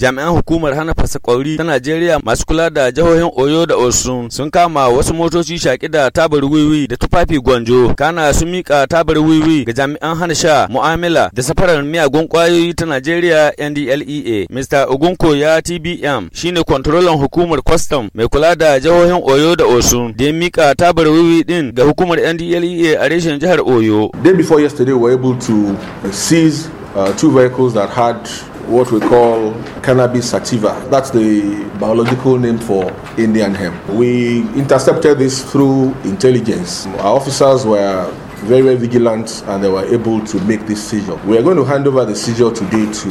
Jami'an hukumar hana fasa kwauri ta Najeriya masu kula da jihohin Oyo da Osun sun kama wasu motoci shaƙi da tabar wiwi da tufafi gwanjo. Kana sun mika tabar wiwi ga jami'an hana sha mu'amala da safarar miyagun ƙwayoyi ta Najeriya NDLEA. Mr. Ogunko ya TBM shine kwantarolan hukumar kwastam mai kula da jihohin Oyo da Osun da ya mika tabar wiwi din ga hukumar NDLEA a reshen jihar Oyo. Day before yesterday we were able to uh, seize uh, two vehicles that had what we call cannabis sativa. That's the biological name for Indian hemp. We intercepted this through intelligence. Our officers were very, very vigilant and they were able to make this seizure. We are going to hand over the seizure today to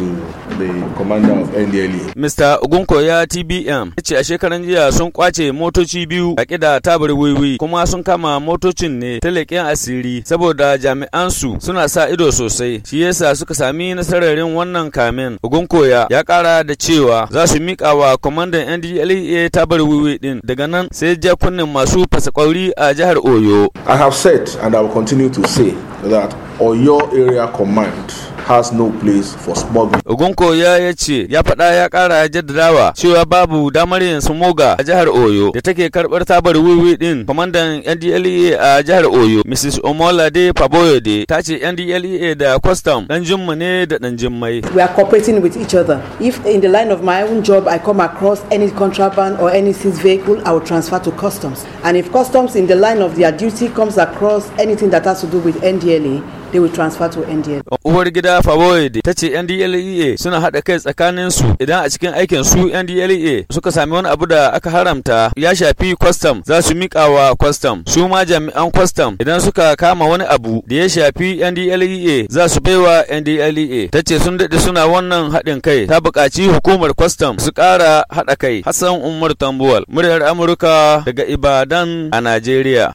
the commander of NDLE. Mr. Ogunko ya TBM ya ce a shekaran jiya sun kwace motoci biyu a da tabar wiwi kuma sun kama motocin ne ta leƙen asiri saboda jami'an su suna sa ido sosai shi yasa suka sami nasararin wannan kamen. Ogunko ya ya kara da cewa za su mika wa kwamandan NDLA e tabar wiwi din daga nan sai jakunan masu fasakwauri a jihar Oyo. I have said and I will continue to say that Oyo Area Command has no place for smuggling. Ogunko ya ya ya faɗa ya ƙara ya jaddadawa cewa babu damar yin smoga a jihar Oyo da take karɓar tabar wiwi din kwamandan NDLEA a jihar Oyo Mrs. Omolade Faboyode ta ce NDLEA da custom ɗan jimma ne da ɗan jimmai. We are cooperating with each other. If in the line of my own job I come across any contraband or any seized vehicle I will transfer to customs. And if customs in the line of their duty comes across anything that has to do with NDLEA they will transfer to NDLEA. Uwar gida Fawoyede ta ce NDLEA suna haɗa kai tsakanin su idan a cikin aikin su NDLEA suka sami wani abu da aka haramta ya shafi kwastam za su miƙa wa kwastam su ma jami'an kwastam idan suka kama wani abu da ya shafi NDLEA za su baiwa NDLEA ta ce sun daɗe suna wannan haɗin kai ta buƙaci hukumar kwastam su ƙara haɗa kai Hassan Umar Tambuwal muryar Amurka daga Ibadan a Najeriya.